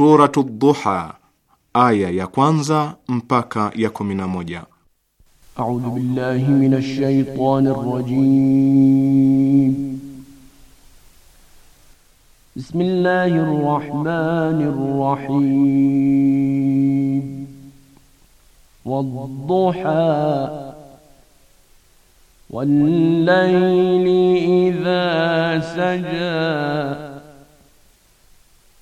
Suratu Duha, aya ya kwanza mpaka ya kumi na moja. A'udhu billahi minash shaitanir rajim. Bismillahir rahmanir rahim. Wad-duha wal-layli idha saja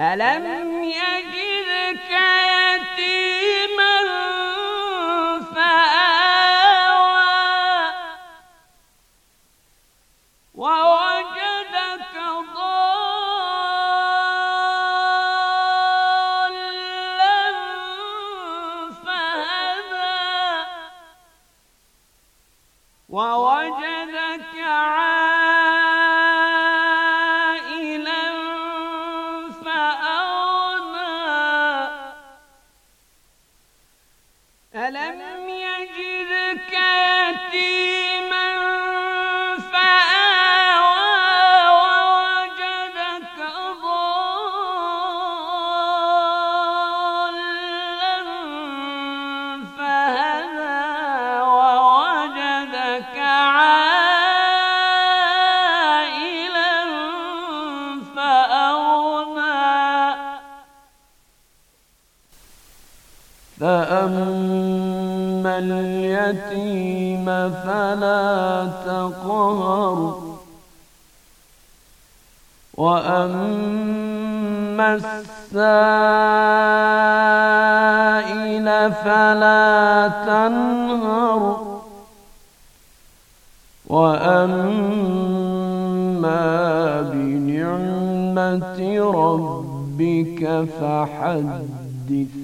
ألم يجدك يتيما فآوى ووجدك ضالا فهدى ووجدك ألم يجدك يتيما فلا تقهر وأما السائل فلا تنهر وأما بنعمة ربك فحدث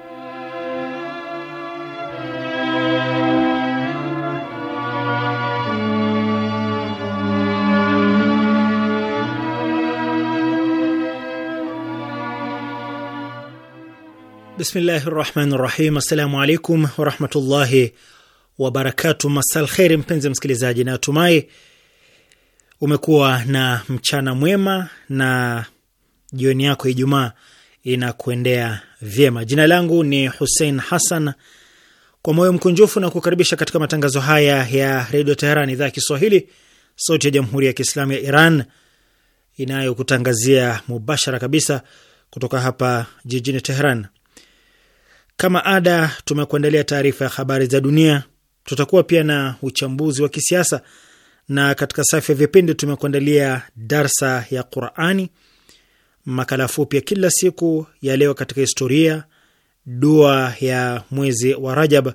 Bismillahi rahmani rahim. Assalamu alaikum warahmatullahi wabarakatu. Masal kheri, mpenzi msikilizaji, natumai umekuwa na mchana mwema na jioni yako Ijumaa inakuendea vyema. Jina langu ni Husein Hassan, kwa moyo mkunjufu na kukaribisha katika matangazo haya ya Redio Teheran, idhaa ya Kiswahili, sauti ya Jamhuri ya Kiislamu ya Iran inayokutangazia mubashara kabisa kutoka hapa jijini Teheran. Kama ada, tumekuandalia taarifa ya habari za dunia, tutakuwa pia na uchambuzi wa kisiasa, na katika safu ya vipindi tumekuandalia darsa ya Qurani, makala fupi ya kila siku ya leo katika historia, dua ya mwezi wa Rajab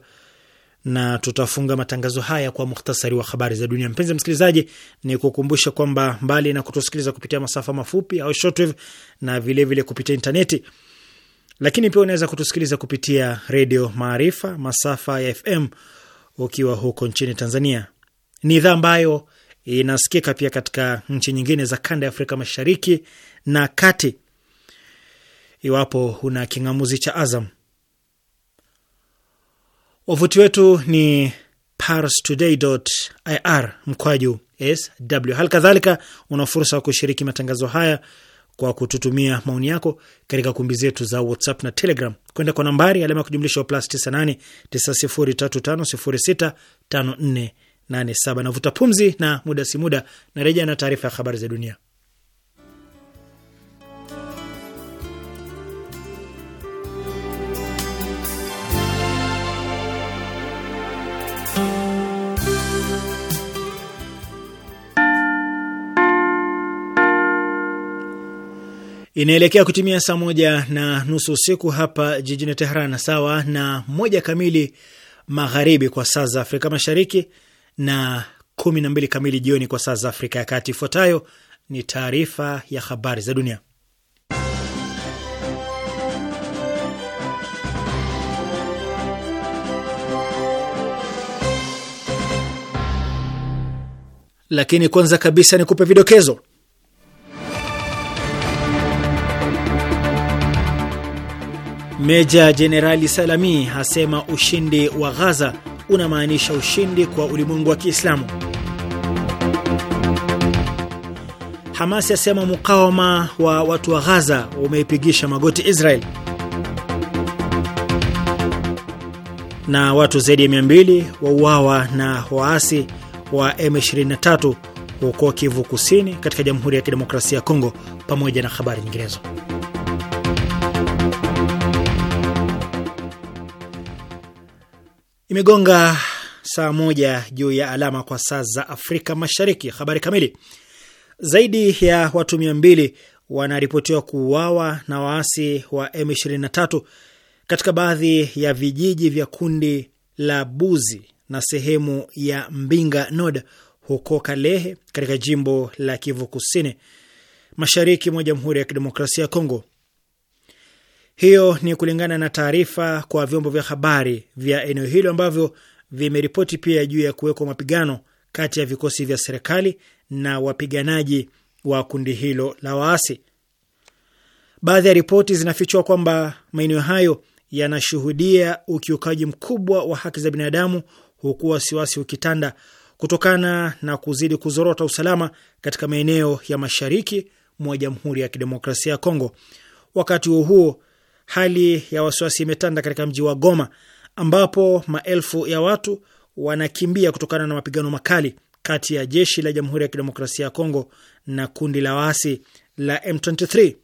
na tutafunga matangazo haya kwa muhtasari wa habari za dunia. Mpenzi msikilizaji, ni kukumbusha kwamba mbali na kutusikiliza kupitia masafa mafupi au shortwave na vilevile vile kupitia intaneti, lakini pia unaweza kutusikiliza kupitia Redio Maarifa masafa ya FM ukiwa huko nchini Tanzania. Ni idhaa ambayo inasikika pia katika nchi nyingine za kanda ya Afrika Mashariki na Kati, iwapo una king'amuzi cha Azam. Wavuti wetu ni parstoday.ir mkwaju sw. Hali kadhalika una fursa wa kushiriki matangazo haya kwa kututumia maoni yako katika kumbi zetu za WhatsApp na Telegram kwenda kwa nambari alama ya kujumlisha plus 98 Navuta pumzi na muda si muda na reja na taarifa ya habari za dunia. inaelekea kutimia saa moja na nusu usiku hapa jijini Tehran, sawa na moja kamili magharibi kwa saa za Afrika Mashariki na kumi na mbili kamili jioni kwa saa za Afrika ya Kati. Ifuatayo ni taarifa ya habari za dunia, lakini kwanza kabisa ni kupe vidokezo Meja Jenerali Salami asema ushindi wa Ghaza unamaanisha ushindi kwa ulimwengu wa Kiislamu. Hamas yasema mukawama wa watu wa Ghaza umeipigisha magoti Israel. Na watu zaidi ya 200 wauawa na waasi wa M23 huko Kivu Kusini katika Jamhuri ya Kidemokrasia ya Kongo, pamoja na habari nyinginezo. Imegonga saa moja juu ya alama kwa saa za Afrika Mashariki. Habari kamili. Zaidi ya watu mia mbili wanaripotiwa kuuawa na waasi wa M23 katika baadhi ya vijiji vya kundi la Buzi na sehemu ya Mbinga nod huko Kalehe katika jimbo la Kivu Kusini, mashariki mwa Jamhuri ya Kidemokrasia ya Kongo. Hiyo ni kulingana na taarifa kwa vyombo vya habari vya eneo hilo ambavyo vimeripoti pia juu ya kuwekwa mapigano kati ya vikosi vya serikali na wapiganaji wa kundi hilo la waasi. Baadhi ya ripoti zinafichua kwamba maeneo hayo yanashuhudia ukiukaji mkubwa wa haki za binadamu, huku wasiwasi ukitanda kutokana na kuzidi kuzorota usalama katika maeneo ya mashariki mwa Jamhuri ya Kidemokrasia ya Kongo. Wakati huo huo, hali ya wasiwasi imetanda katika mji wa Goma ambapo maelfu ya watu wanakimbia kutokana na mapigano makali kati ya jeshi la Jamhuri ya Kidemokrasia ya Kongo na kundi la waasi la M23.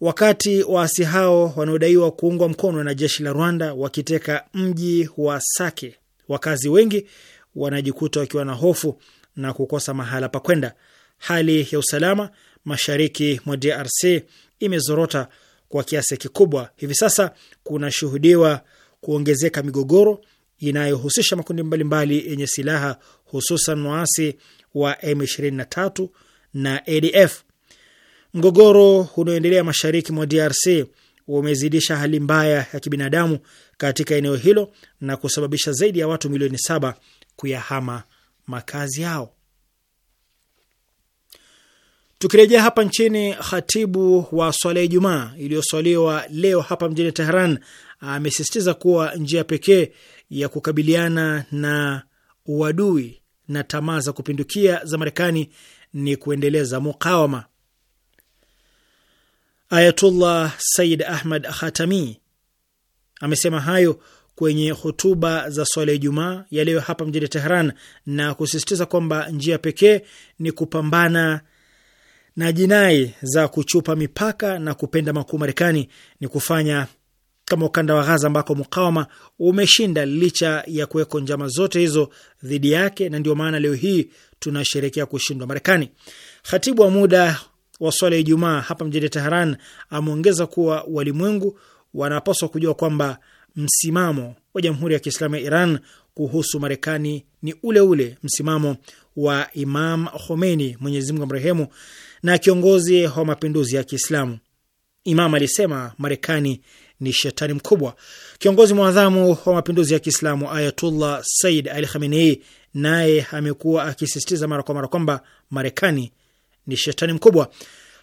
Wakati waasi hao wanaodaiwa kuungwa mkono na jeshi la Rwanda wakiteka mji wa Sake, wakazi wengi wanajikuta wakiwa na hofu na kukosa mahala pa kwenda. Hali ya usalama mashariki mwa DRC imezorota kwa kiasi kikubwa. Hivi sasa kunashuhudiwa kuongezeka migogoro inayohusisha makundi mbalimbali yenye silaha hususan waasi wa M23 na ADF. Mgogoro unaoendelea mashariki mwa DRC umezidisha hali mbaya ya kibinadamu katika eneo hilo na kusababisha zaidi ya watu milioni saba kuyahama makazi yao. Tukirejea hapa nchini, khatibu wa swala ya Ijumaa iliyoswaliwa leo hapa mjini Tehran amesisitiza kuwa njia pekee ya kukabiliana na uadui na tamaa za kupindukia za Marekani ni kuendeleza mukawama. Ayatullah Sayyid Ahmad Khatami amesema hayo kwenye hotuba za swala ya Ijumaa ya leo hapa mjini Tehran na kusisitiza kwamba njia pekee ni kupambana na jinai za kuchupa mipaka na kupenda makuu Marekani ni kufanya kama ukanda wa Ghaza ambako mukawama umeshinda licha ya kuweko njama zote hizo dhidi yake, na ndio maana leo hii tunasherekea kushindwa Marekani. Khatibu wa muda wa swala ya Ijumaa hapa mjini Teheran ameongeza kuwa walimwengu wanapaswa kujua kwamba msimamo wa Jamhuri ya Kiislamu ya Iran kuhusu Marekani ni ule ule msimamo wa Imam Khomeini, Mwenyezi Mungu amrehemu, na kiongozi wa mapinduzi ya Kiislamu. Imam alisema Marekani ni shetani mkubwa. Kiongozi mwadhamu wa mapinduzi ya Kiislamu Ayatullah Said al Khamenei naye amekuwa akisisitiza mara kwa mara kwamba Marekani ni shetani mkubwa.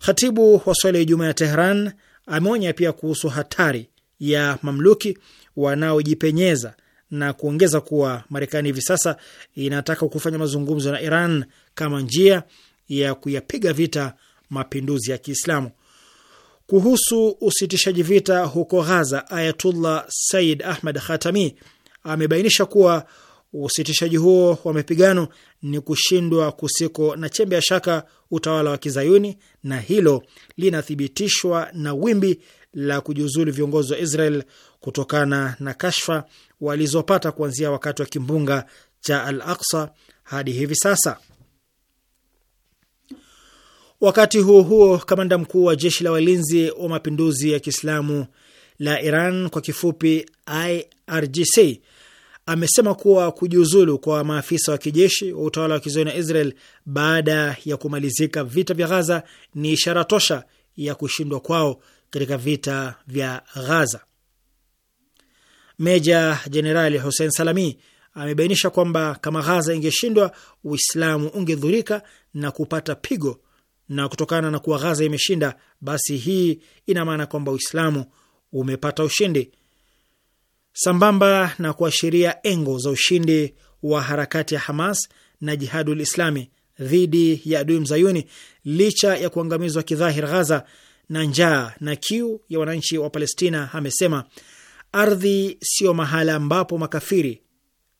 Khatibu wa swala ya Ijumaa ya Tehran ameonya pia kuhusu hatari ya mamluki wanaojipenyeza na kuongeza kuwa Marekani hivi sasa inataka kufanya mazungumzo na Iran kama njia ya kuyapiga vita mapinduzi ya Kiislamu. Kuhusu usitishaji vita huko Ghaza, Ayatullah Said Ahmad Khatami amebainisha kuwa usitishaji huo wa mapigano ni kushindwa kusiko na chembe ya shaka utawala wa Kizayuni, na hilo linathibitishwa na wimbi la kujiuzulu viongozi wa Israel kutokana na kashfa walizopata kuanzia wakati wa kimbunga cha Al Aksa hadi hivi sasa. Wakati huo huo, kamanda mkuu wa jeshi la walinzi wa mapinduzi ya Kiislamu la Iran kwa kifupi IRGC amesema kuwa kujiuzulu kwa maafisa wa kijeshi wa utawala wa kizayuni na Israel baada ya kumalizika vita vya Ghaza ni ishara tosha ya kushindwa kwao katika vita vya Ghaza. Meja Jenerali Hussein Salami amebainisha kwamba kama Ghaza ingeshindwa, Uislamu ungedhurika na kupata pigo na kutokana na kuwa Ghaza imeshinda, basi hii ina maana kwamba Uislamu umepata ushindi, sambamba na kuashiria engo za ushindi wa harakati ya Hamas na Jihadul Islami dhidi ya adui mzayuni, licha ya kuangamizwa kidhahir Ghaza na njaa na kiu ya wananchi wa Palestina. Amesema ardhi siyo mahala ambapo makafiri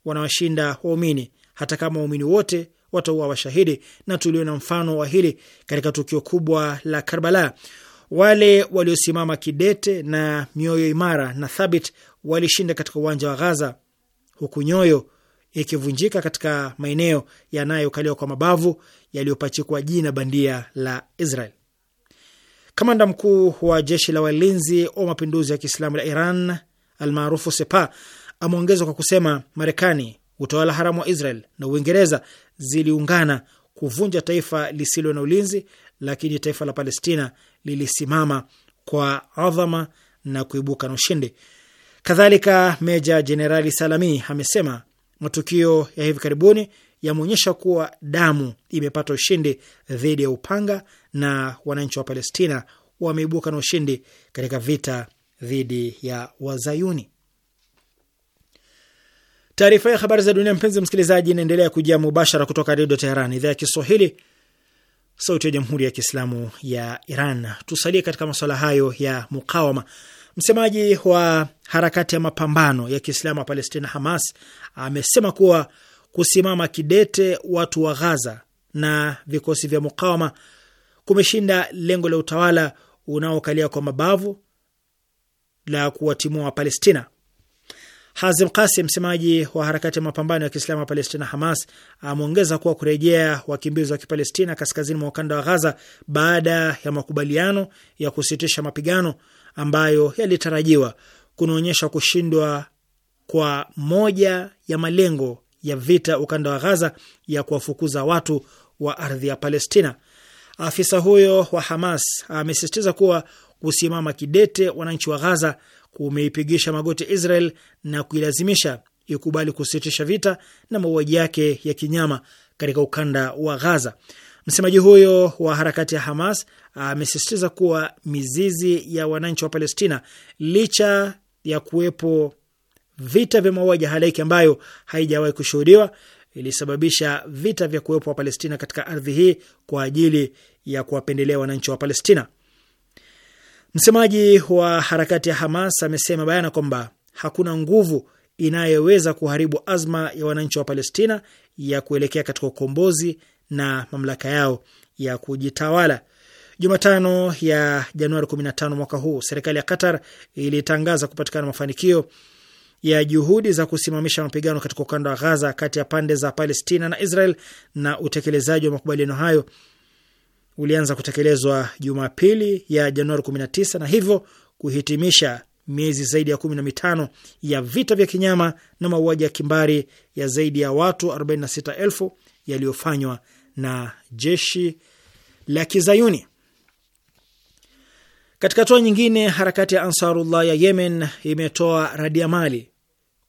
wanawashinda waumini, hata kama waumini wote wataua washahidi, na tuliona mfano wa hili katika tukio kubwa la Karbala. Wale waliosimama kidete na mioyo imara na thabit walishinda katika uwanja wa Ghaza, huku nyoyo ikivunjika katika maeneo yanayokaliwa kwa mabavu yaliyopachikwa jina bandia la Israel. Kamanda mkuu wa jeshi la walinzi wa mapinduzi ya Kiislamu la Iran almaarufu Sepa ameongezwa kwa kusema Marekani utawala haramu wa Israel na Uingereza ziliungana kuvunja taifa lisilo na ulinzi, lakini taifa la Palestina lilisimama kwa adhama na kuibuka na ushindi. Kadhalika, Meja Jenerali Salami amesema matukio ya hivi karibuni yameonyesha kuwa damu imepata ushindi dhidi ya upanga na wananchi wa Palestina wameibuka na ushindi katika vita dhidi ya Wazayuni. Taarifa ya habari za dunia, mpenzi msikilizaji, inaendelea kujia mubashara kutoka Redio Teheran, idhaa ya Kiswahili, sauti ya jamhuri ya kiislamu ya Iran. Tusalie katika masuala hayo ya mukawama. Msemaji wa harakati ya mapambano ya kiislamu ya Palestina, Hamas, amesema kuwa kusimama kidete watu wa Ghaza na vikosi vya mukawama kumeshinda lengo la utawala unaokalia kwa mabavu la kuwatimua Wapalestina. Hazim Kasi, msemaji wa harakati ya mapambano ya Kiislamu ya Palestina, Hamas, ameongeza kuwa kurejea wakimbizi wa Kipalestina kaskazini mwa ukanda wa Ghaza baada ya makubaliano ya kusitisha mapigano ambayo yalitarajiwa kunaonyesha kushindwa kwa moja ya malengo ya vita ukanda wa Ghaza ya kuwafukuza watu wa ardhi ya Palestina. Afisa huyo wa Hamas amesisitiza kuwa kusimama kidete wananchi wa Ghaza kumeipigisha magoti Israel na kuilazimisha ikubali kusitisha vita na mauaji yake ya kinyama katika ukanda wa Ghaza. Msemaji huyo wa harakati ya Hamas amesisitiza kuwa mizizi ya wananchi wa Palestina, licha ya kuwepo vita vya mauaji halaiki ambayo haijawahi kushuhudiwa, ilisababisha vita vya kuwepo wa Palestina katika ardhi hii kwa ajili ya kuwapendelea wananchi wa Palestina. Msemaji wa harakati ya Hamas amesema bayana kwamba hakuna nguvu inayoweza kuharibu azma ya wananchi wa Palestina ya kuelekea katika ukombozi na mamlaka yao ya kujitawala. Jumatano ya Januari 15 mwaka huu, serikali ya Qatar ilitangaza kupatikana mafanikio ya juhudi za kusimamisha mapigano katika ukanda wa Ghaza kati ya pande za Palestina na Israel, na utekelezaji wa makubaliano hayo ulianza kutekelezwa Jumapili ya Januari 19 na hivyo kuhitimisha miezi zaidi ya kumi na mitano ya vita vya kinyama na mauaji ya kimbari ya zaidi ya watu 46,000 yaliyofanywa na jeshi la Kizayuni. Katika hatua nyingine, harakati ya Ansarullah ya Yemen imetoa radiamali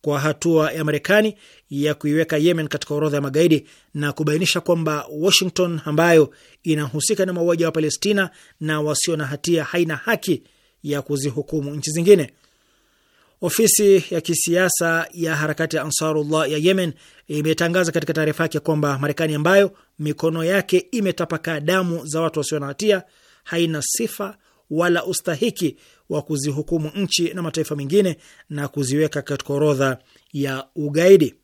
kwa hatua ya Marekani ya kuiweka Yemen katika orodha ya magaidi na kubainisha kwamba Washington ambayo inahusika na mauaji ya palestina na wasio na hatia haina haki ya kuzihukumu nchi zingine. Ofisi ya kisiasa ya harakati ya Ansarullah ya Yemen imetangaza katika taarifa yake kwamba Marekani ambayo mikono yake imetapaka damu za watu wasio na hatia haina sifa wala ustahiki wa kuzihukumu nchi na mataifa mengine na kuziweka katika orodha ya ugaidi.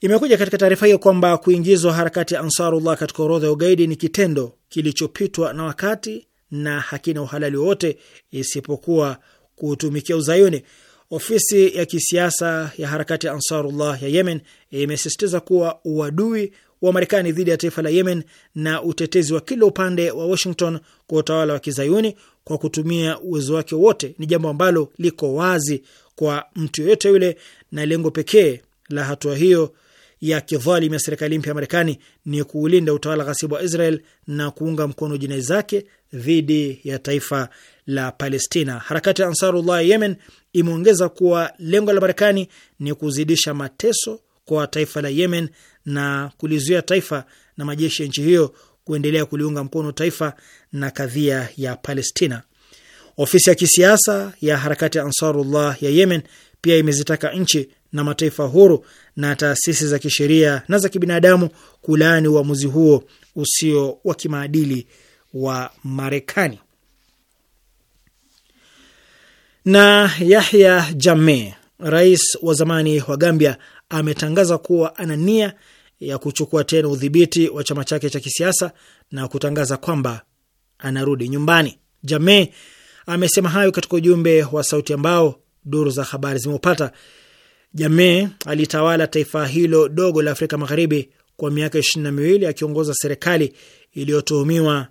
Imekuja katika taarifa hiyo kwamba kuingizwa harakati ya Ansarullah katika orodha ya ugaidi ni kitendo kilichopitwa na wakati na hakina uhalali wowote isipokuwa kutumikia uzayuni. Ofisi ya kisiasa ya harakati ya Ansarullah ya Yemen imesisitiza kuwa uadui wa Marekani dhidi ya taifa la Yemen na utetezi wa kila upande wa Washington kwa utawala wa kizayuni kwa kutumia uwezo wake wote ni jambo ambalo liko wazi kwa mtu yoyote yule, na lengo pekee la hatua hiyo ya kidhalimu ya serikali mpya ya Marekani ni kuulinda utawala ghasibu wa Israel na kuunga mkono jinai zake dhidi ya taifa la Palestina. Harakati ya Ansarullah ya Yemen imeongeza kuwa lengo la Marekani ni kuzidisha mateso kwa taifa la Yemen na kulizuia taifa na majeshi ya nchi hiyo kuendelea kuliunga mkono taifa na kadhia ya Palestina. Ofisi ya kisiasa ya harakati ya Ansarullah ya Yemen pia imezitaka nchi na mataifa huru na taasisi za kisheria na za kibinadamu kulaani uamuzi huo usio wa kimaadili wa Marekani. Na Yahya Jammeh, rais wa zamani wa Gambia, ametangaza kuwa ana nia ya kuchukua tena udhibiti wa chama chake cha kisiasa na kutangaza kwamba anarudi nyumbani. Jame amesema hayo katika ujumbe wa sauti ambao duru za habari zimeupata. Jame alitawala taifa hilo dogo la Afrika Magharibi kwa miaka ishirini na miwili akiongoza serikali iliyotuhumiwa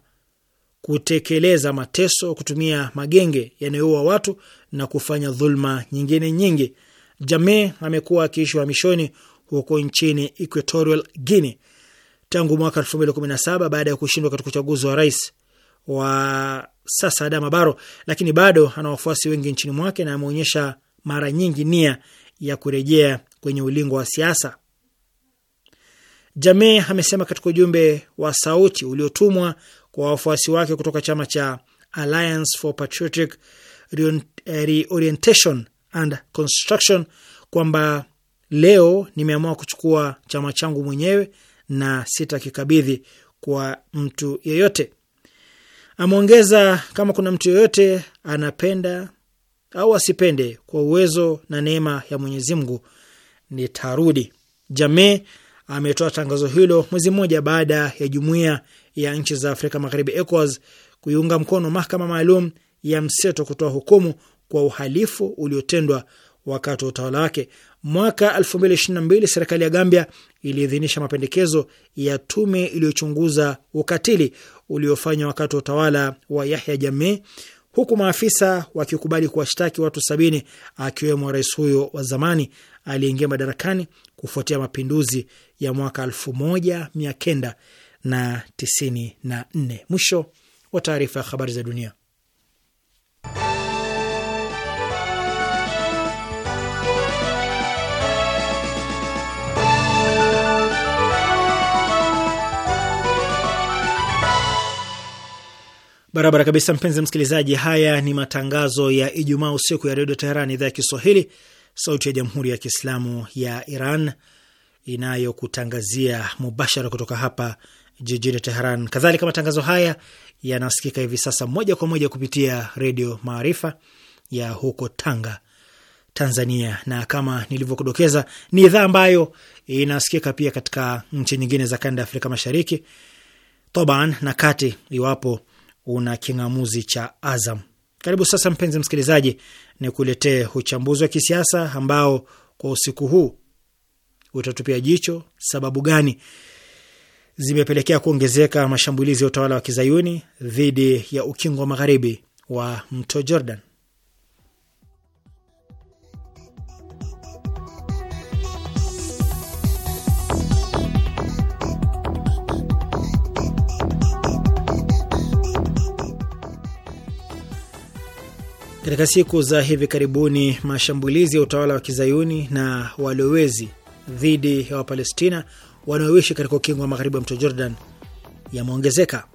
kutekeleza mateso, kutumia magenge yanayoua watu na kufanya dhulma nyingine nyingi. Jame amekuwa akiishi uhamishoni huko nchini Equatorial Guinea tangu mwaka saba baada ya kushindwa katika uchaguzi wa rais wa sasa Adama Barrow, lakini bado ana wafuasi wengi nchini mwake na ameonyesha mara nyingi nia ya kurejea kwenye ulingo wa siasa. Jammeh amesema katika ujumbe wa sauti uliotumwa kwa wafuasi wake kutoka chama cha Alliance for Patriotic Reorientation and Construction kwamba leo nimeamua kuchukua chama changu mwenyewe na sitakikabidhi kwa mtu yeyote. Ameongeza, kama kuna mtu yeyote anapenda au asipende, kwa uwezo na neema ya Mwenyezi Mungu nitarudi. Jamii ametoa tangazo hilo mwezi mmoja baada ya jumuiya ya nchi za Afrika Magharibi ECOWAS kuiunga mkono mahakama maalum ya mseto kutoa hukumu kwa uhalifu uliotendwa wakati wa utawala wake. Mwaka 2022 serikali ya Gambia iliidhinisha mapendekezo ya tume iliyochunguza ukatili uliofanywa wakati wa utawala wa Yahya Jammeh, huku maafisa wakikubali kuwashtaki watu sabini akiwemo rais huyo wa zamani aliyeingia madarakani kufuatia mapinduzi ya mwaka 1994. Mwisho wa taarifa ya habari za dunia. Barabara kabisa, mpenzi msikilizaji. Haya ni matangazo ya Ijumaa usiku ya redio Teheran, idhaa ya Kiswahili, sauti ya jamhuri ya kiislamu ya Iran inayokutangazia mubashara kutoka hapa jijini Teheran. Kadhalika, matangazo haya yanasikika hivi sasa moja kwa moja kupitia redio Maarifa ya huko Tanga, Tanzania, na kama nilivyokudokeza ni idhaa ambayo inasikika pia katika nchi nyingine za kanda ya Afrika Mashariki toban na kati, iwapo una king'amuzi cha Azam. Karibu sasa, mpenzi msikilizaji, ni kuletee uchambuzi wa kisiasa ambao kwa usiku huu utatupia jicho sababu gani zimepelekea kuongezeka mashambulizi ya utawala wa kizayuni dhidi ya ukingo wa magharibi wa mto Jordan. Katika siku za hivi karibuni, mashambulizi ya utawala wa kizayuni na walowezi dhidi ya Wapalestina wanaoishi katika ukingo wa magharibi wa mto Jordan yameongezeka.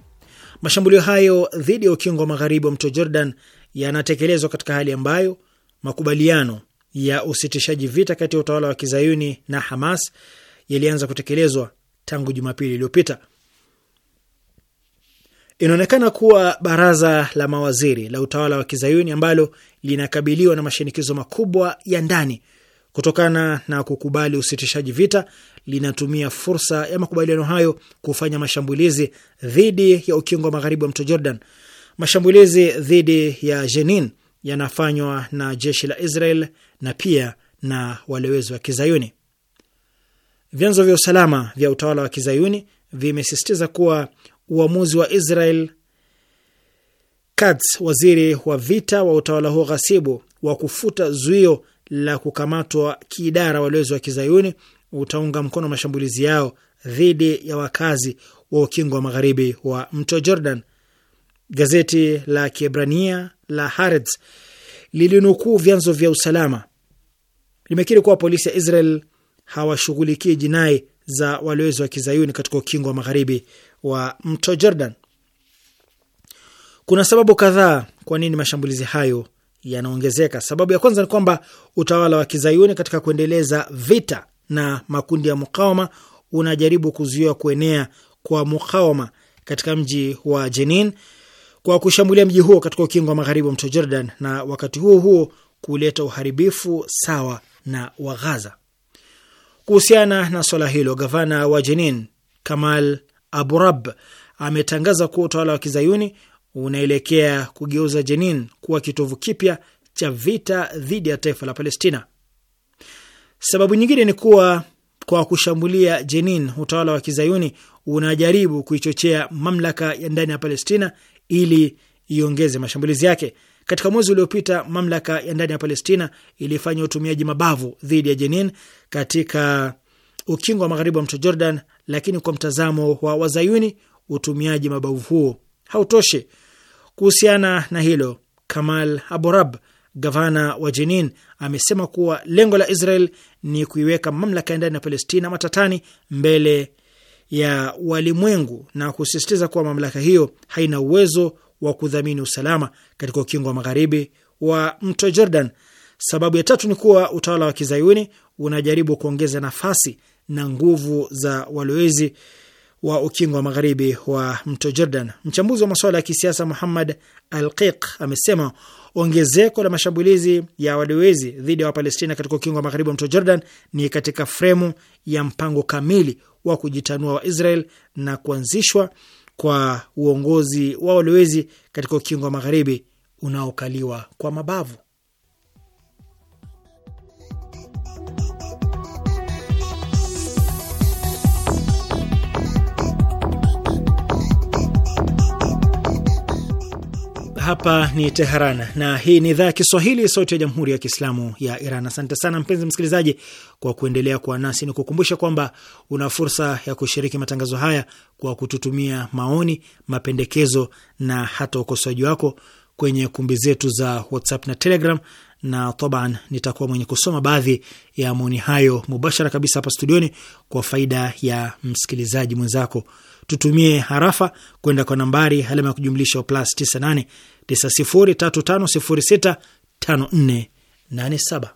Mashambulio hayo dhidi ya ukingo wa magharibi wa mto Jordan yanatekelezwa katika hali ambayo makubaliano ya usitishaji vita kati ya utawala wa kizayuni na Hamas yalianza kutekelezwa tangu Jumapili iliyopita. Inaonekana kuwa baraza la mawaziri la utawala wa kizayuni ambalo linakabiliwa na mashinikizo makubwa ya ndani kutokana na kukubali usitishaji vita, linatumia fursa ya makubaliano hayo kufanya mashambulizi dhidi ya ukingo wa magharibi wa mto Jordan. Mashambulizi dhidi ya Jenin yanafanywa na jeshi la Israel na pia na walowezi wa kizayuni. Vyanzo vya usalama vya utawala wa kizayuni vimesisitiza kuwa uamuzi wa Israel Katz, waziri wa vita wa utawala huo ghasibu, wa kufuta zuio la kukamatwa kiidara walowezi wa kizayuni utaunga mkono mashambulizi yao dhidi ya wakazi wa ukingo wa magharibi wa mto Jordan. Gazeti la Kiebrania la Haaretz lilinukuu vyanzo vya usalama, limekiri kuwa polisi ya Israel hawashughulikii jinai za walowezi wa kizayuni katika ukingo wa magharibi wa mto Jordan. Kuna sababu kadhaa kwa nini mashambulizi hayo yanaongezeka. Sababu ya kwanza ni kwamba utawala wa kizayuni katika kuendeleza vita na makundi ya mukawama unajaribu kuzuia kuenea kwa mukawama katika mji wa Jenin kwa kushambulia mji huo katika ukingo wa magharibi wa mto Jordan, na wakati huo huo kuleta uharibifu sawa na wa Ghaza. Kuhusiana na swala hilo, gavana wa Jenin Kamal Rab ametangaza kuwa utawala wa kizayuni unaelekea kugeuza Jenin kuwa kitovu kipya cha vita dhidi ya taifa la Palestina. Sababu nyingine ni kuwa kwa kushambulia Jenin, utawala wa kizayuni unajaribu kuichochea mamlaka ya ndani ya Palestina ili iongeze mashambulizi yake. Katika mwezi uliopita, mamlaka ya ndani ya Palestina ilifanya utumiaji mabavu dhidi ya Jenin katika ukingo wa magharibi wa mto Jordan, lakini kwa mtazamo wa wazayuni utumiaji mabavu huo hautoshi. Kuhusiana na hilo, Kamal Aborab, gavana wa Jenin, amesema kuwa lengo la Israel ni kuiweka mamlaka ya ndani ya Palestina matatani mbele ya walimwengu na kusisitiza kuwa mamlaka hiyo haina uwezo wa kudhamini usalama katika ukingo wa magharibi wa mto Jordan. Sababu ya tatu ni kuwa utawala wa kizayuni unajaribu kuongeza nafasi na nguvu za walowezi wa ukingo wa magharibi wa mto Jordan. Mchambuzi wa masuala ya kisiasa Muhammad Alqiq amesema ongezeko la mashambulizi ya walowezi dhidi ya Wapalestina katika ukingo wa magharibi wa mto Jordan ni katika fremu ya mpango kamili wa kujitanua wa Israel na kuanzishwa kwa uongozi wa walowezi katika ukingo wa magharibi unaokaliwa kwa mabavu. Hapa ni Teheran na hii ni idhaa ya Kiswahili, sauti ya jamhuri ya kiislamu ya Iran. Asante sana mpenzi msikilizaji kwa kuendelea kuwa nasi. Ni kukumbusha kwamba una fursa ya kushiriki matangazo haya kwa kututumia maoni, mapendekezo na hata ukosoaji wako kwenye kumbi zetu za WhatsApp na Telegram, na taban nitakuwa mwenye kusoma baadhi ya maoni hayo mubashara kabisa hapa studioni kwa faida ya msikilizaji mwenzako. Tutumie harafa kwenda kwa nambari alama ya kujumlisha plus 98 tisa tano tano nne nane saba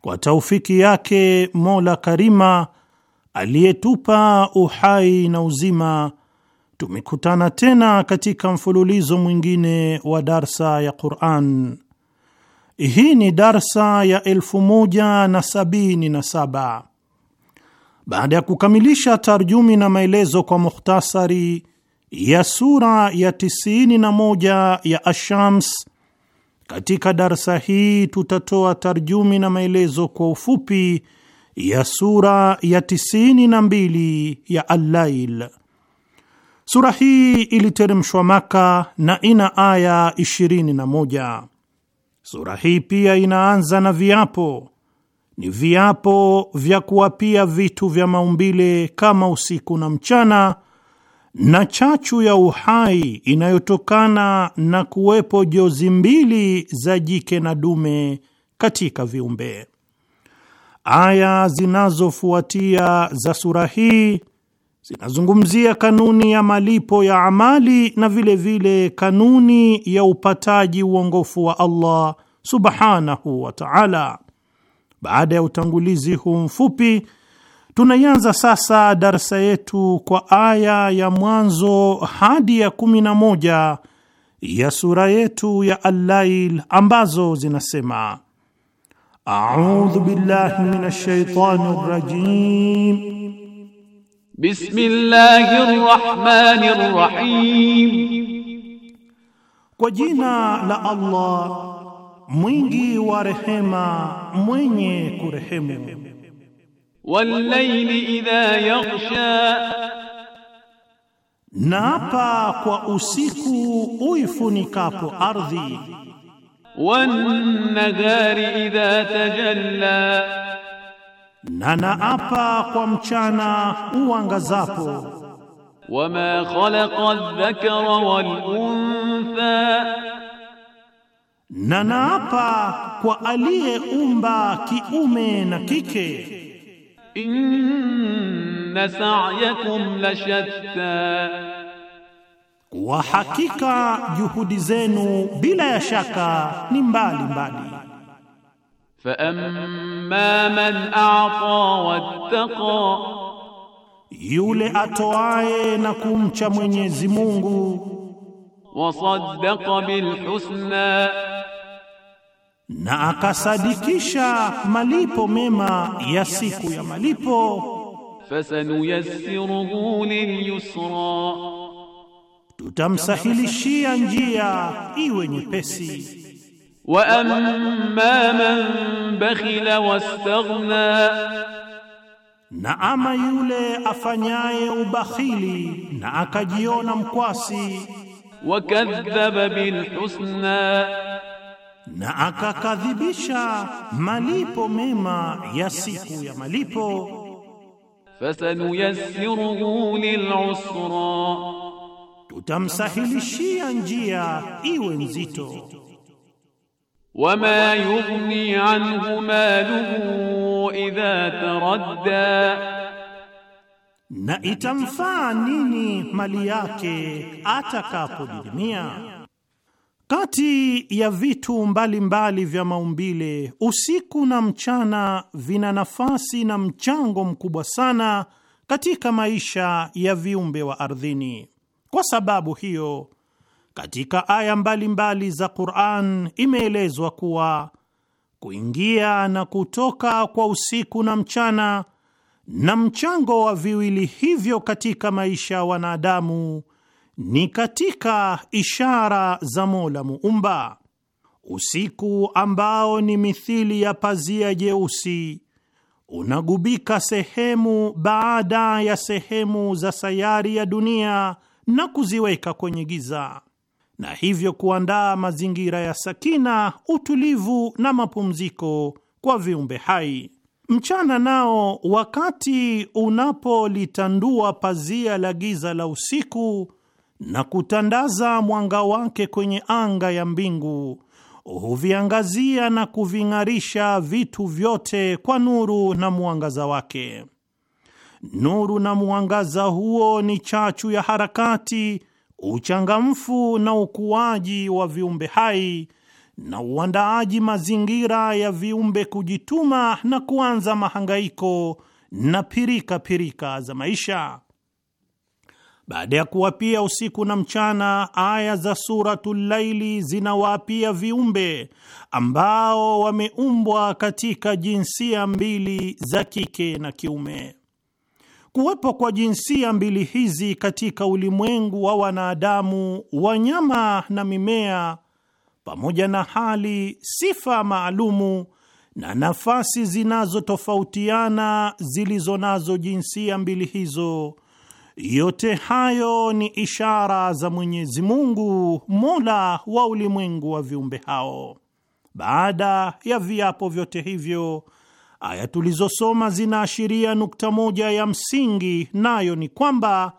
kwa taufiki yake Mola Karima aliyetupa uhai na uzima, tumekutana tena katika mfululizo mwingine wa darsa ya Quran. Hii ni darsa ya elfu moja na sabini na saba baada ya kukamilisha tarjumi na maelezo kwa mukhtasari ya sura ya 91 ya Ashams. Katika darsa hii tutatoa tarjumi na maelezo kwa ufupi ya sura ya tisini na mbili ya Al-Lail. Sura hii iliteremshwa Maka na ina aya ishirini na moja. Sura hii pia inaanza na viapo, ni viapo vya kuwapia vitu vya maumbile kama usiku na mchana na chachu ya uhai inayotokana na kuwepo jozi mbili za jike na dume katika viumbe. Aya zinazofuatia za sura hii zinazungumzia kanuni ya malipo ya amali na vilevile vile kanuni ya upataji uongofu wa Allah subhanahu wa ta'ala. Baada ya utangulizi huu mfupi Tunaianza sasa darsa yetu kwa aya ya mwanzo hadi ya kumi na moja ya sura yetu ya allail ambazo zinasema: A'udhu billahi minash shaitani rajim. rahim, kwa jina la Allah mwingi wa rehema mwenye kurehemu. Wallayli idha yaghsha, naapa kwa usiku uifunikapo ardhi. Wannahari idha tajalla, na naapa kwa mchana uangazapo. Wama khalaqa adh-dhakara wal-untha, na naapa kwa aliyeumba kiume na kike. إن سعيكم لشتى وحقيقة جهود زينو بلا شك نمبالي مبالي فأما من أعطى واتقى يولي أتوعي نكم شمويني زمونغو وصدق بالحسنى na akasadikisha malipo mema ya siku ya malipo. Fasanuyassiruhu lilyusra, tutamsahilishia njia iwe nyepesi. Wa amma man bakhila wastaghna, na ama yule afanyaye ubakhili na akajiona mkwasi. Wakadhaba bilhusna na akakadhibisha malipo mema ya siku ya malipo. Fasanuyassiruhu lilusra, tutamsahilishia njia iwe nzito. Wama yughni anhu maluhu idha taradda, na itamfaa nini mali yake atakapodidimia? Kati ya vitu mbalimbali mbali vya maumbile, usiku na mchana vina nafasi na mchango mkubwa sana katika maisha ya viumbe wa ardhini. Kwa sababu hiyo, katika aya mbalimbali mbali za Qur'an imeelezwa kuwa kuingia na kutoka kwa usiku na mchana na mchango wa viwili hivyo katika maisha ya wanadamu ni katika ishara za Mola Muumba. Usiku ambao ni mithili ya pazia jeusi unagubika sehemu baada ya sehemu za sayari ya dunia na kuziweka kwenye giza, na hivyo kuandaa mazingira ya sakina, utulivu na mapumziko kwa viumbe hai. Mchana nao, wakati unapolitandua pazia la giza la usiku na kutandaza mwanga wake kwenye anga ya mbingu, huviangazia na kuving'arisha vitu vyote kwa nuru na mwangaza wake. Nuru na mwangaza huo ni chachu ya harakati, uchangamfu na ukuaji wa viumbe hai na uandaaji mazingira ya viumbe kujituma na kuanza mahangaiko na pirika pirika za maisha. Baada ya kuwapia usiku na mchana, aya za Suratul Laili zinawaapia viumbe ambao wameumbwa katika jinsia mbili za kike na kiume. Kuwepo kwa jinsia mbili hizi katika ulimwengu wa wanadamu, wanyama na mimea, pamoja na hali, sifa maalumu na nafasi zinazotofautiana zilizo nazo jinsia mbili hizo yote hayo ni ishara za Mwenyezi Mungu, mola wa ulimwengu wa viumbe hao. Baada ya viapo vyote hivyo, aya tulizosoma zinaashiria nukta moja ya msingi, nayo ni kwamba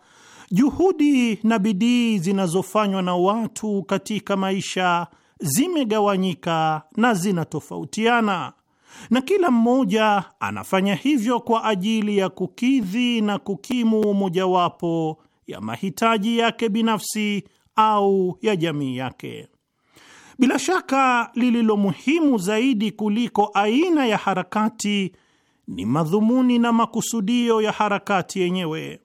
juhudi na bidii zinazofanywa na watu katika maisha zimegawanyika na zinatofautiana na kila mmoja anafanya hivyo kwa ajili ya kukidhi na kukimu mojawapo ya mahitaji yake binafsi au ya jamii yake. Bila shaka lililo muhimu zaidi kuliko aina ya harakati ni madhumuni na makusudio ya harakati yenyewe.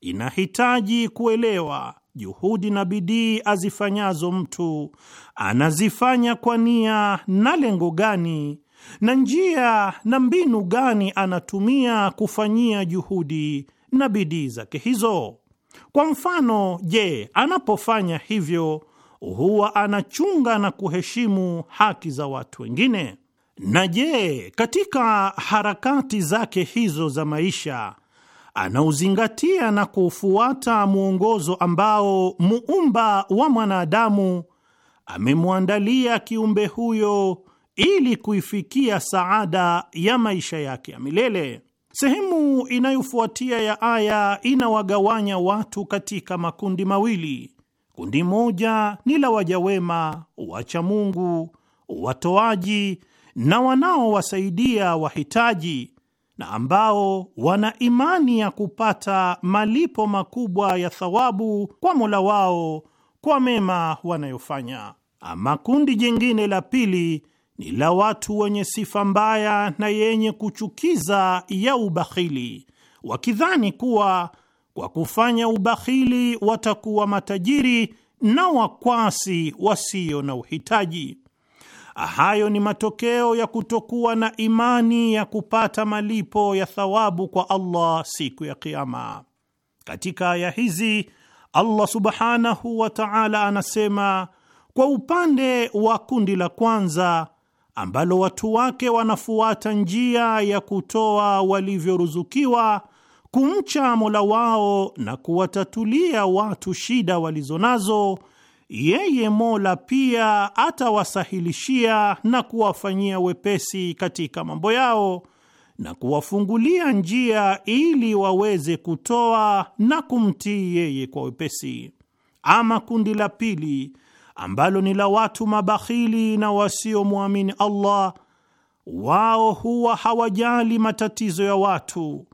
Inahitaji kuelewa juhudi na bidii azifanyazo mtu anazifanya kwa nia na lengo gani na njia na mbinu gani anatumia kufanyia juhudi na bidii zake hizo? Kwa mfano, je, anapofanya hivyo huwa anachunga na kuheshimu haki za watu wengine? Na je, katika harakati zake hizo za maisha anauzingatia na kufuata mwongozo ambao muumba wa mwanadamu amemwandalia kiumbe huyo ili kuifikia saada ya maisha yake ya milele. Sehemu inayofuatia ya aya inawagawanya watu katika makundi mawili. Kundi moja ni la wajawema wacha Mungu, watoaji na wanaowasaidia wahitaji, na ambao wana imani ya kupata malipo makubwa ya thawabu kwa Mola wao kwa mema wanayofanya. Ama kundi jingine la pili ni la watu wenye sifa mbaya na yenye kuchukiza ya ubakhili, wakidhani kuwa kwa kufanya ubakhili watakuwa matajiri na wakwasi wasio na uhitaji. Hayo ni matokeo ya kutokuwa na imani ya kupata malipo ya thawabu kwa Allah siku ya kiama Katika aya hizi Allah subhanahu wa ta'ala anasema kwa upande wa kundi la kwanza ambalo watu wake wanafuata njia ya kutoa walivyoruzukiwa, kumcha Mola wao na kuwatatulia watu shida walizo nazo, yeye Mola pia atawasahilishia na kuwafanyia wepesi katika mambo yao na kuwafungulia njia ili waweze kutoa na kumtii yeye kwa wepesi. Ama kundi la pili ambalo ni la watu mabakhili na wasiomwamini Allah. Wao huwa hawajali matatizo ya watu,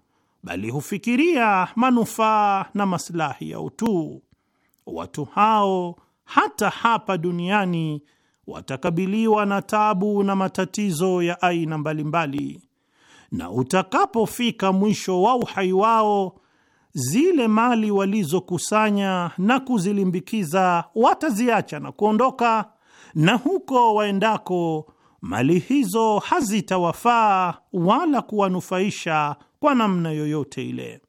bali hufikiria manufaa na maslahi yao tu. Watu hao hata hapa duniani watakabiliwa na tabu na matatizo ya aina mbalimbali, na utakapofika mwisho wa uhai wao zile mali walizokusanya na kuzilimbikiza wataziacha na kuondoka, na huko waendako mali hizo hazitawafaa wala kuwanufaisha kwa namna yoyote ile.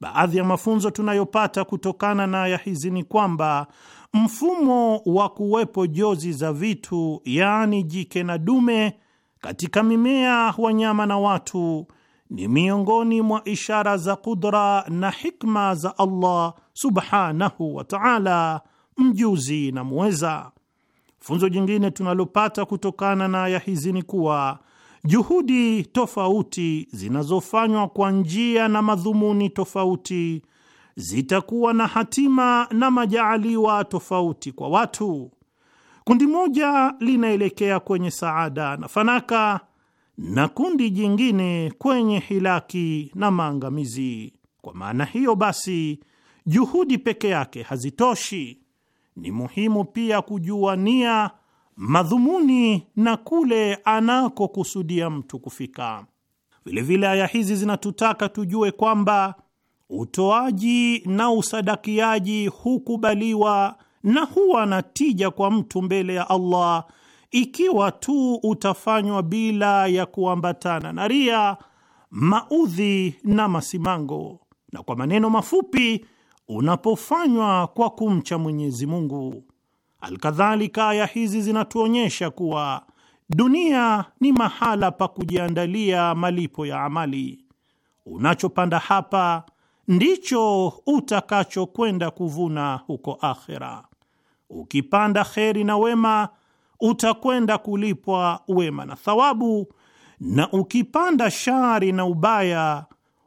Baadhi ya mafunzo tunayopata kutokana na aya hizi ni kwamba mfumo wa kuwepo jozi za vitu, yaani jike na dume, katika mimea, wanyama na watu ni miongoni mwa ishara za kudra na hikma za Allah subhanahu wa ta'ala, mjuzi na muweza. Funzo jingine tunalopata kutokana na aya hizi ni kuwa juhudi tofauti zinazofanywa kwa njia na madhumuni tofauti zitakuwa na hatima na majaaliwa tofauti kwa watu. Kundi moja linaelekea kwenye saada na fanaka na kundi jingine kwenye hilaki na maangamizi. Kwa maana hiyo basi, juhudi peke yake hazitoshi. Ni muhimu pia kujua nia, madhumuni na kule anakokusudia mtu kufika. Vilevile aya hizi zinatutaka tujue kwamba utoaji na usadakiaji hukubaliwa na huwa na tija kwa mtu mbele ya Allah ikiwa tu utafanywa bila ya kuambatana na ria, maudhi na masimango, na kwa maneno mafupi, unapofanywa kwa kumcha Mwenyezi Mungu. Alkadhalika, aya hizi zinatuonyesha kuwa dunia ni mahala pa kujiandalia malipo ya amali. Unachopanda hapa ndicho utakachokwenda kuvuna huko akhera. Ukipanda kheri na wema utakwenda kulipwa wema na thawabu, na ukipanda shari na ubaya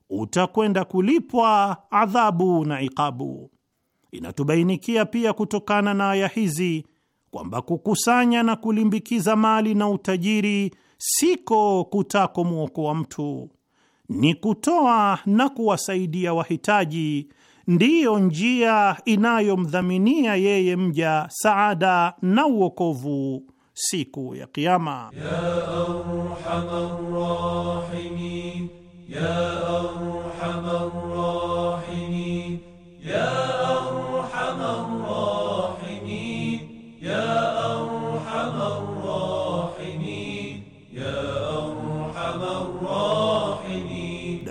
utakwenda kulipwa adhabu na iqabu Inatubainikia pia kutokana na aya hizi kwamba kukusanya na kulimbikiza mali na utajiri siko kutako mwokoa mtu, ni kutoa na kuwasaidia wahitaji ndiyo njia inayomdhaminia yeye mja saada na uokovu siku ya Kiyama. ya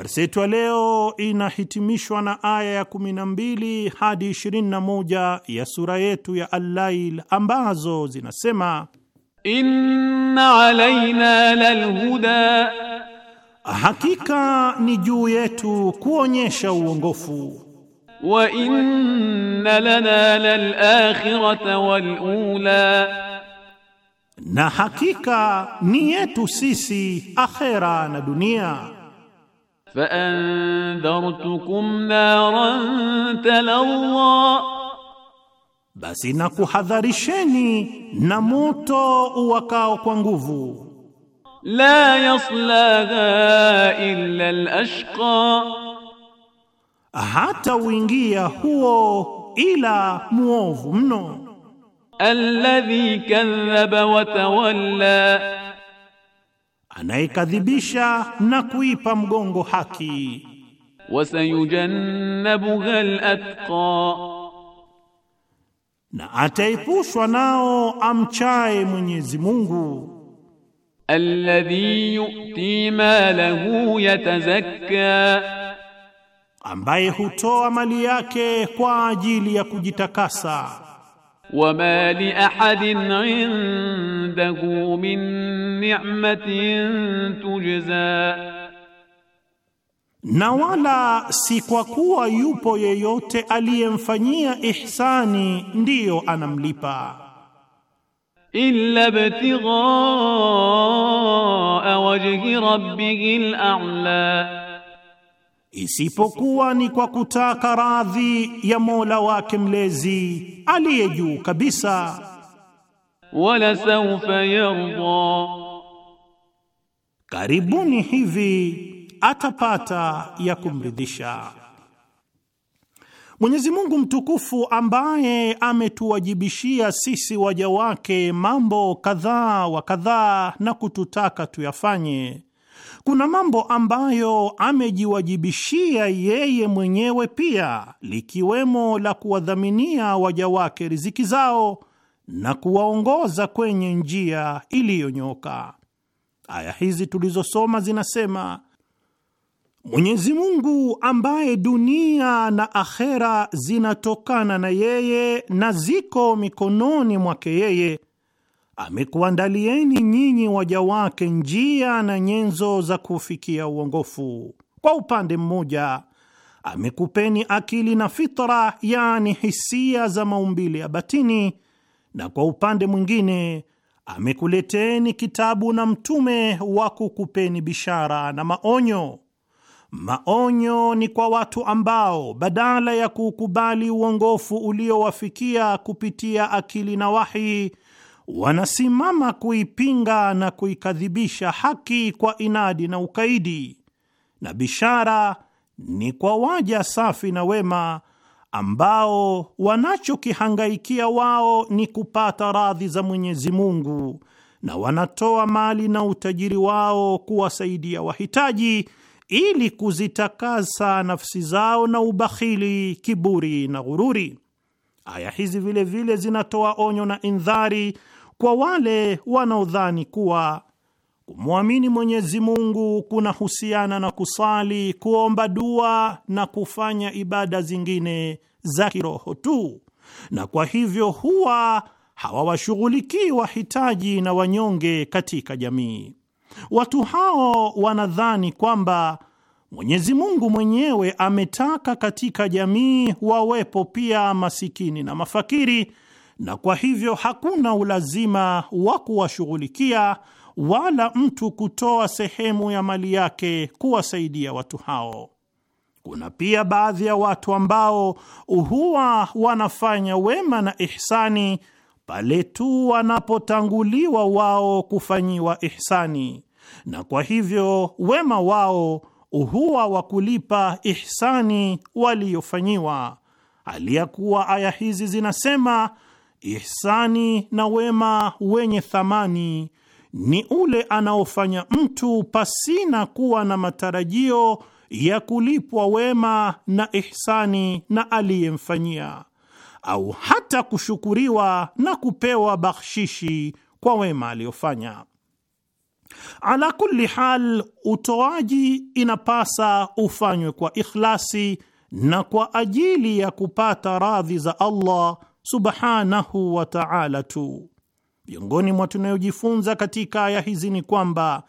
Darsa yetu ya leo inahitimishwa na aya ya 12 hadi 21 ya sura yetu ya Al-Lail ambazo zinasema inna alaina lalhuda, hakika ni juu yetu kuonyesha uongofu. Wa inna lana lalakhirata walula, na hakika ni yetu sisi akhera na dunia فأنذرتكم نارا تلظى basi nakuhadharisheni na moto uwakao kwa nguvu. La yaslaha illa al-ashqa, hata uingia huo ila muovu mno. Alladhi kadhaba wa tawalla anayekadhibisha na kuipa mgongo haki. Wasayujannabuha alatqa, na ataepushwa nao amchaye Mwenyezi Mungu. Alladhi yu'ti lahu yatazakka, ambaye hutoa mali yake kwa ajili ya kujitakasa. وما لأحد عنده من نعمة تجزى na wala si kwa kuwa yupo yeyote aliyemfanyia ihsani ndiyo anamlipa, illa btighaa wajhi rabbihil a'la isipokuwa ni kwa kutaka radhi ya Mola wake mlezi aliye juu kabisa. Wala sawfa yarda, karibuni hivi atapata ya kumridhisha. Mwenyezi Mungu mtukufu ambaye ametuwajibishia sisi waja wake mambo kadhaa wa kadhaa na kututaka tuyafanye kuna mambo ambayo amejiwajibishia yeye mwenyewe pia, likiwemo la kuwadhaminia waja wake riziki zao na kuwaongoza kwenye njia iliyonyoka Aya hizi tulizosoma zinasema Mwenyezi Mungu ambaye dunia na akhera zinatokana na yeye na ziko mikononi mwake yeye amekuandalieni nyinyi waja wake njia na nyenzo za kufikia uongofu. Kwa upande mmoja, amekupeni akili na fitra, yani hisia za maumbile ya batini, na kwa upande mwingine amekuleteni kitabu na mtume wa kukupeni bishara na maonyo. Maonyo ni kwa watu ambao badala ya kuukubali uongofu uliowafikia kupitia akili na wahi wanasimama kuipinga na kuikadhibisha haki kwa inadi na ukaidi, na bishara ni kwa waja safi na wema ambao wanachokihangaikia wao ni kupata radhi za Mwenyezi Mungu, na wanatoa mali na utajiri wao kuwasaidia wahitaji ili kuzitakasa nafsi zao na ubakhili, kiburi na ghururi. Aya hizi vilevile zinatoa onyo na indhari kwa wale wanaodhani kuwa kumwamini Mwenyezi Mungu kunahusiana na kusali, kuomba dua na kufanya ibada zingine za kiroho tu, na kwa hivyo huwa hawawashughulikii wahitaji na wanyonge katika jamii. Watu hao wanadhani kwamba Mwenyezi Mungu mwenyewe ametaka katika jamii wawepo pia masikini na mafakiri na kwa hivyo hakuna ulazima wa kuwashughulikia wala mtu kutoa sehemu ya mali yake kuwasaidia watu hao. Kuna pia baadhi ya watu ambao huwa wanafanya wema na ihsani pale tu wanapotanguliwa wao kufanyiwa ihsani, na kwa hivyo wema wao huwa wa kulipa ihsani waliyofanyiwa, hali ya kuwa aya hizi zinasema ihsani na wema wenye thamani ni ule anaofanya mtu pasina kuwa na matarajio ya kulipwa wema na ihsani na aliyemfanyia au hata kushukuriwa na kupewa bakhshishi kwa wema aliyofanya. Ala kulli hal, utoaji inapasa ufanywe kwa ikhlasi na kwa ajili ya kupata radhi za Allah subhanahu wa ta'ala tu. Miongoni mwa tunayojifunza katika aya hizi ni kwamba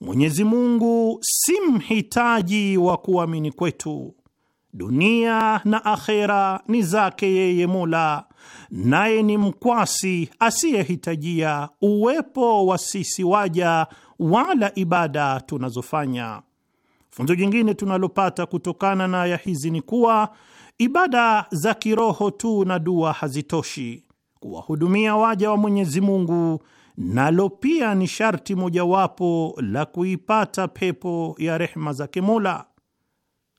Mwenyezi Mungu si mhitaji wa kuamini kwetu. Dunia na akhera ni zake yeye Mola, naye ni mkwasi asiyehitajia uwepo wa sisi waja wala ibada tunazofanya. Funzo jingine tunalopata kutokana na aya hizi ni kuwa Ibada za kiroho tu na dua hazitoshi. Kuwahudumia waja wa Mwenyezi Mungu nalo pia ni sharti mojawapo la kuipata pepo ya rehma za Mola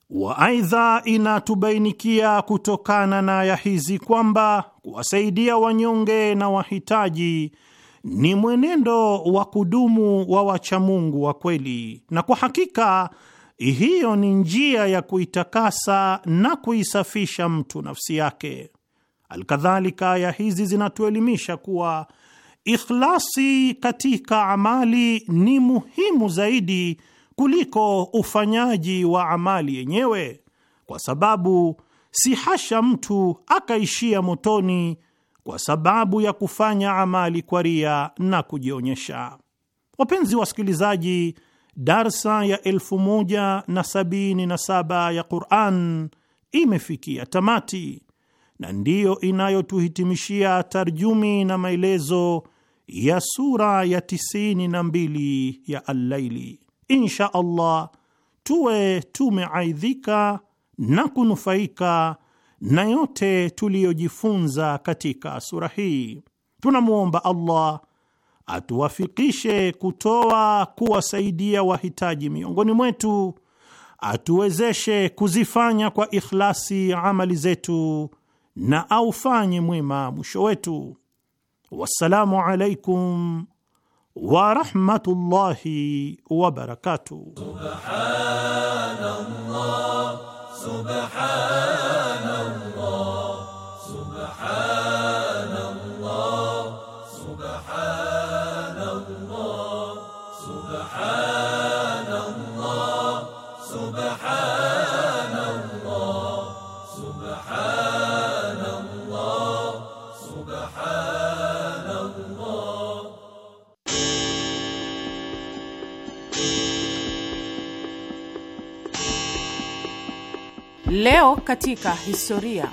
wa. Aidha, inatubainikia kutokana na aya hizi kwamba kuwasaidia wanyonge na wahitaji ni mwenendo wa kudumu wa wachamungu wa kweli, na kwa hakika hiyo ni njia ya kuitakasa na kuisafisha mtu nafsi yake. Alkadhalika, aya hizi zinatuelimisha kuwa ikhlasi katika amali ni muhimu zaidi kuliko ufanyaji wa amali yenyewe, kwa sababu si hasha mtu akaishia motoni kwa sababu ya kufanya amali kwa ria na kujionyesha. Wapenzi wasikilizaji darsa ya elfu moja na sabini na saba ya Quran imefikia tamati na ndiyo inayotuhitimishia tarjumi na maelezo ya sura ya tisini na mbili ya Allaili. Insha Allah tuwe tumeaidhika na kunufaika na yote tuliyojifunza katika sura hii. Tunamwomba Allah atuwafikishe kutoa kuwasaidia wahitaji miongoni mwetu, atuwezeshe kuzifanya kwa ikhlasi amali zetu, na aufanye mwema mwisho wetu. Wassalamu alaikum warahmatullahi wabarakatuh. Subhanallah, subhanallah. Leo katika historia.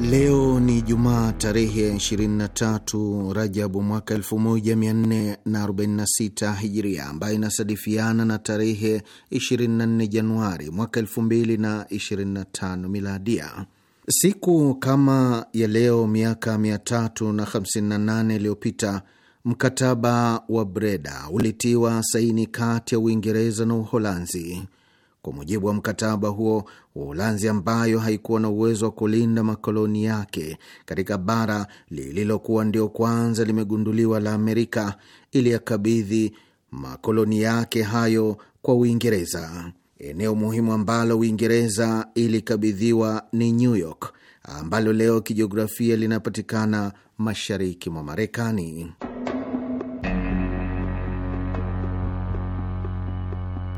Leo ni Jumaa tarehe 23 Rajabu mwaka 1446 Hijiria, ambayo inasadifiana na tarehe 24 Januari mwaka 2025 Miladia. Siku kama ya leo miaka 358 iliyopita mkataba wa Breda ulitiwa saini kati ya Uingereza na Uholanzi. Kwa mujibu wa mkataba huo, Uholanzi ambayo haikuwa na uwezo wa kulinda makoloni yake katika bara lililokuwa ndio kwanza limegunduliwa la Amerika, iliyakabidhi makoloni yake hayo kwa Uingereza. Eneo muhimu ambalo Uingereza ilikabidhiwa ni New York ambalo leo kijiografia linapatikana mashariki mwa Marekani.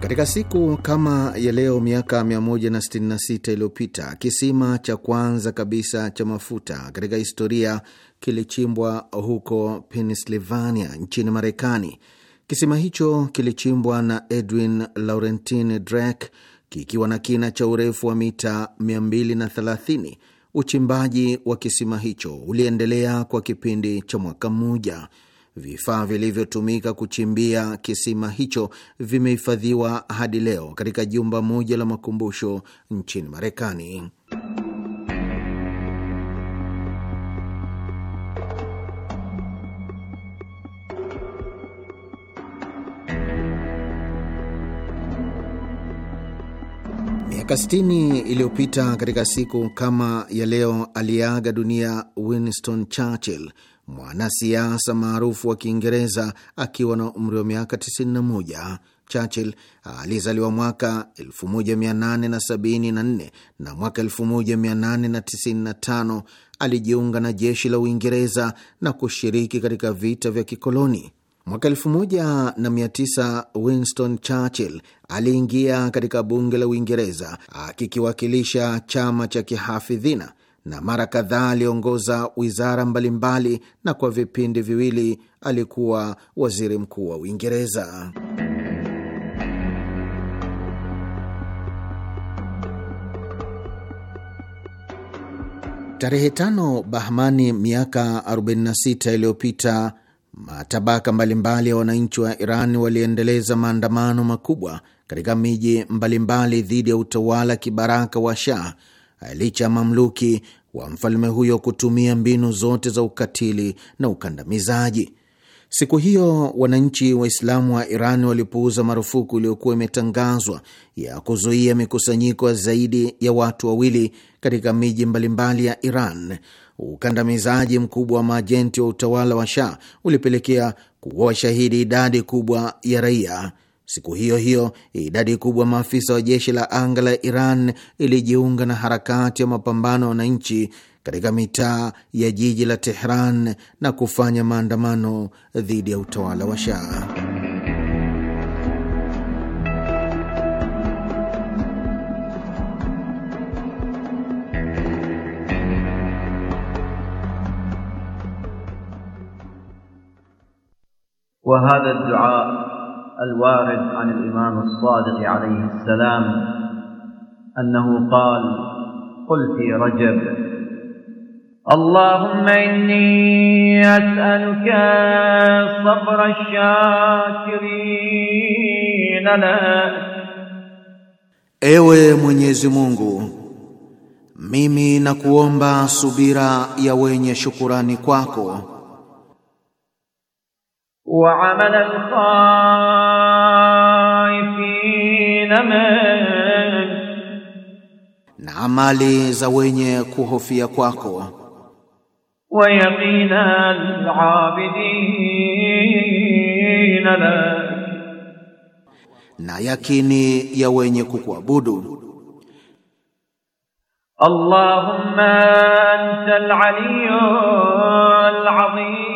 Katika siku kama ya leo miaka 166 iliyopita kisima cha kwanza kabisa cha mafuta katika historia kilichimbwa huko Pennsylvania nchini Marekani. Kisima hicho kilichimbwa na Edwin Laurentine Drake kikiwa na kina cha urefu wa mita 230. Uchimbaji wa kisima hicho uliendelea kwa kipindi cha mwaka mmoja. Vifaa vilivyotumika kuchimbia kisima hicho vimehifadhiwa hadi leo katika jumba moja la makumbusho nchini Marekani. Miaka 60 iliyopita katika siku kama ya leo aliyeaga dunia Winston Churchill, mwanasiasa maarufu wa Kiingereza akiwa na umri wa miaka 91. Churchill alizaliwa mwaka 1874 na mwaka 1895 alijiunga na jeshi la Uingereza na kushiriki katika vita vya kikoloni. Mwaka 1900 Winston Churchill aliingia katika bunge la Uingereza akikiwakilisha chama cha kihafidhina na mara kadhaa aliongoza wizara mbalimbali na kwa vipindi viwili alikuwa waziri mkuu wa Uingereza. Tarehe tano Bahmani miaka 46 iliyopita, matabaka mbalimbali ya wananchi wa Iran waliendeleza maandamano makubwa katika miji mbalimbali dhidi ya utawala kibaraka wa Shah licha ya mamluki wa mfalme huyo kutumia mbinu zote za ukatili na ukandamizaji. Siku hiyo wananchi Waislamu wa Iran walipuuza marufuku iliyokuwa imetangazwa ya kuzuia mikusanyiko ya zaidi ya watu wawili katika miji mbalimbali ya Iran. Ukandamizaji mkubwa wa maajenti wa utawala wa Shah ulipelekea kuwa shahidi idadi kubwa ya raia. Siku hiyo hiyo idadi kubwa maafisa wa jeshi la anga la Iran ilijiunga na harakati ya mapambano ya wananchi katika mitaa ya jiji la Tehran na kufanya maandamano dhidi ya utawala wa Shah. wa hadha dua الوارد عن الإمام الصادق عليه السلام أنه قال قل في رجب اللهم إني أسألك صبر الشاكرين لك Ewe Mwenyezi Mungu, mimi nakuomba subira ya wenye shukurani kwako وعمل الخائفين منك na amali za wenye kuhofia kwako wa na yakini ya wenye kukuabudu Allahumma anta al azim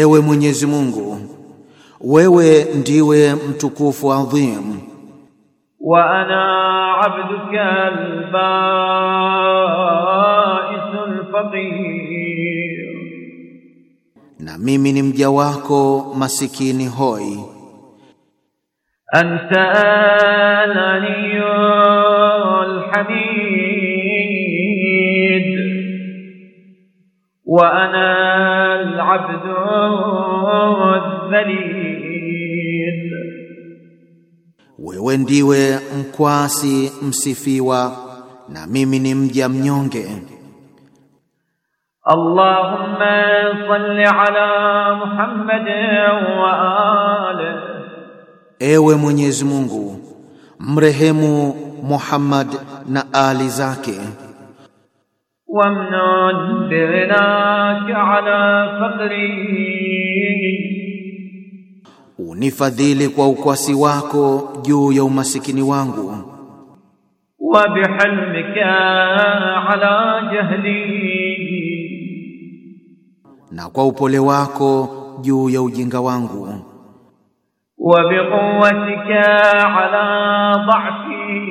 Ewe Mwenyezi Mungu, wewe ndiwe mtukufu adhim. Wa ana abduka albaisul faqir, na mimi ni mja wako masikini hoi. Anta aliyul hamid wa ana العبد الذليل wewe ndiwe mkwasi msifiwa na mimi ni mja mnyonge Allahumma salli ala Muhammad wa alihi Ewe Mwenyezi Mungu mrehemu Muhammad na ali zake وامنع بغناك على فقري unifadhili kwa ukwasi wako juu ya umasikini wangu, wa bihalmika ala jahli, na kwa upole wako juu ya ujinga wangu, wa biquwwatika ala dha'fi,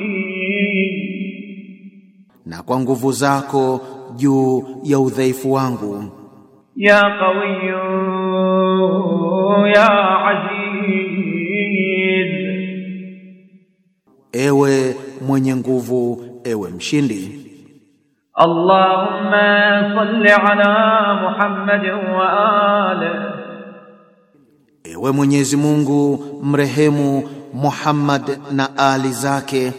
na kwa nguvu zako juu ya udhaifu wangu. Ya qawiyyu ya aziz, ewe mwenye nguvu, ewe mshindi. Allahumma salli ala Muhammad wa alihi, ewe Mwenyezi Mungu mrehemu Muhammad na ali zake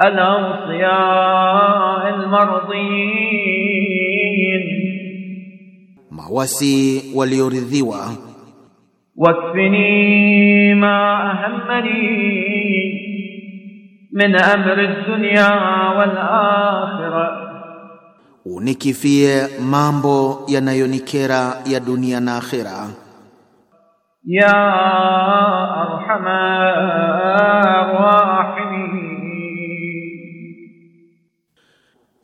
الأوصياء المرضين مواسي وليرذيوا واكفني ما أهمني من أمر الدنيا والآخرة ونكي في مامبو yanayonikera ya يا دنيا akhira يا arhamar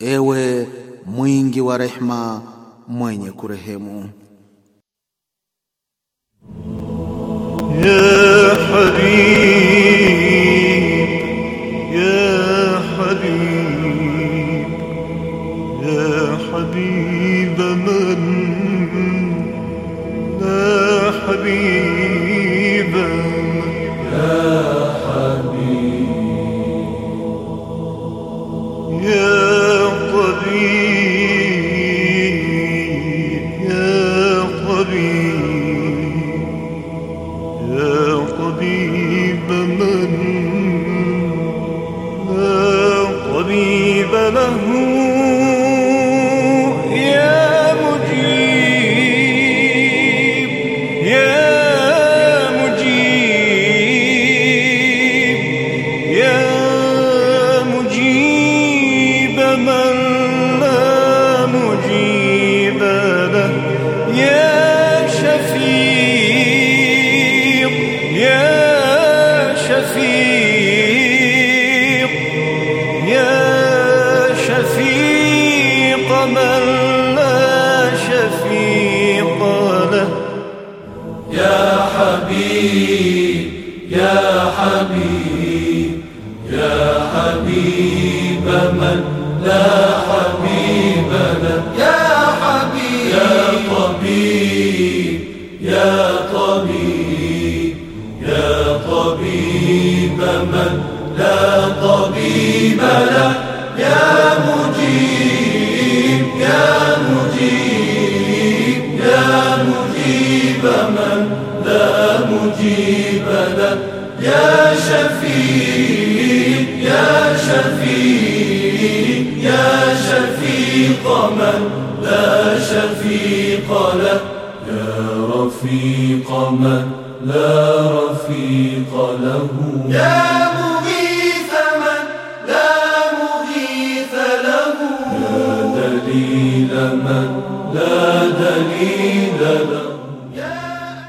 ewe mwingi wa rehma, mwenye kurehemu. Ya Habib, ya Habib, ya Habib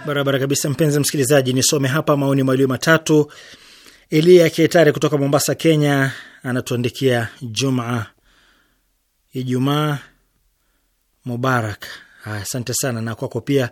barabara kabisa. Mpenzi msikilizaji, nisome hapa maoni mawili matatu. Eliya Ketare kutoka Mombasa, Kenya, anatuandikia Jumaa Ijumaa mubarak. Asante sana na kwako pia.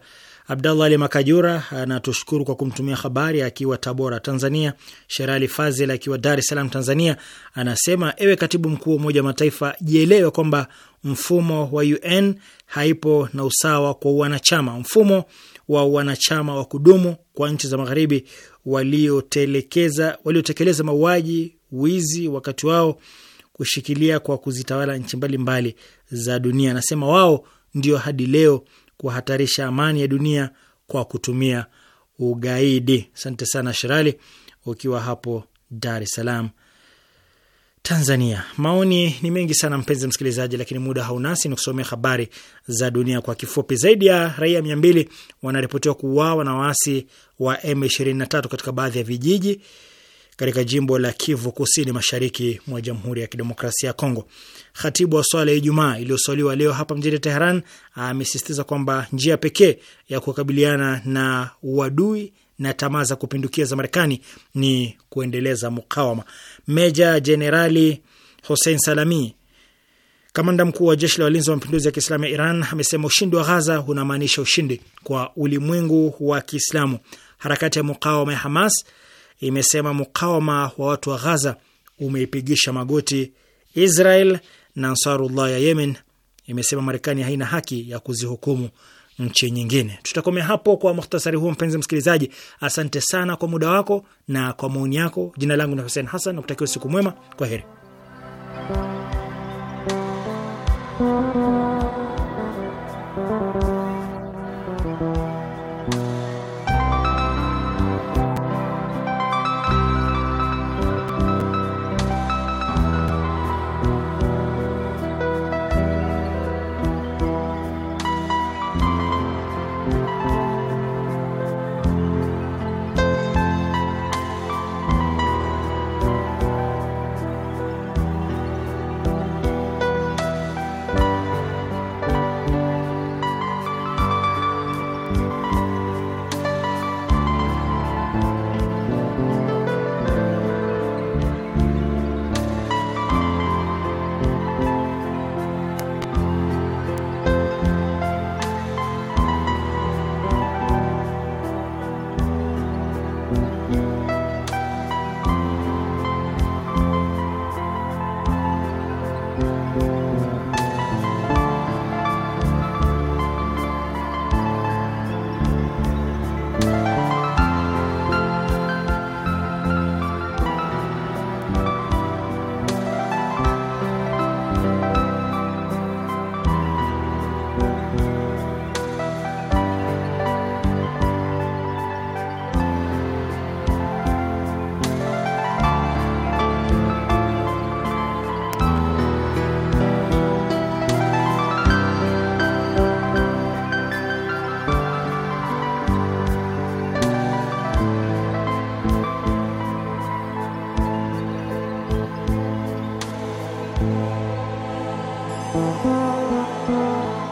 Abdallah Ali Makajura anatushukuru kwa kumtumia habari akiwa Tabora, Tanzania. Sherali Fazil akiwa Dar es Salaam, Tanzania, anasema ewe katibu mkuu wa Umoja wa Mataifa, jielewe kwamba mfumo wa UN haipo na usawa kwa wanachama. Mfumo wa wanachama wa kudumu kwa nchi za magharibi waliotelekeza waliotekeleza mauaji, wizi, wakati wao kushikilia kwa kuzitawala nchi mbalimbali za dunia. Anasema wao ndio hadi leo kuhatarisha amani ya dunia kwa kutumia ugaidi. Asante sana Shirali, ukiwa hapo Dar es Salaam, Tanzania. Maoni ni mengi sana mpenzi msikilizaji, lakini muda haunasi ni kusomea habari za dunia kwa kifupi. Zaidi ya raia mia mbili wanaripotiwa kuuawa na waasi wa M23 katika baadhi ya vijiji katika jimbo la Kivu Kusini, mashariki mwa Jamhuri ya Kidemokrasia ya Kongo. Khatibu wa swala ya Ijumaa iliyoswaliwa leo hapa mjini Teheran amesisitiza kwamba njia pekee ya kukabiliana na uadui na tamaa za kupindukia za Marekani ni kuendeleza mukawama. Meja Jenerali Hossein Salami, kamanda mkuu wa jeshi la walinzi wa mapinduzi ya Kiislamu ya Iran, amesema ushindi wa Ghaza unamaanisha ushindi kwa ulimwengu wa Kiislamu. Harakati ya mukawama ya Hamas imesema mukawama wa watu wa Ghaza umeipigisha magoti Israel, na Ansarullah ya Yemen imesema Marekani haina haki ya kuzihukumu nchi nyingine. Tutakomea hapo kwa muhtasari huo, mpenzi msikilizaji. Asante sana kwa muda wako na kwa maoni yako. Jina langu ni Hussein Hassan na kutakia siku mwema. Kwa heri.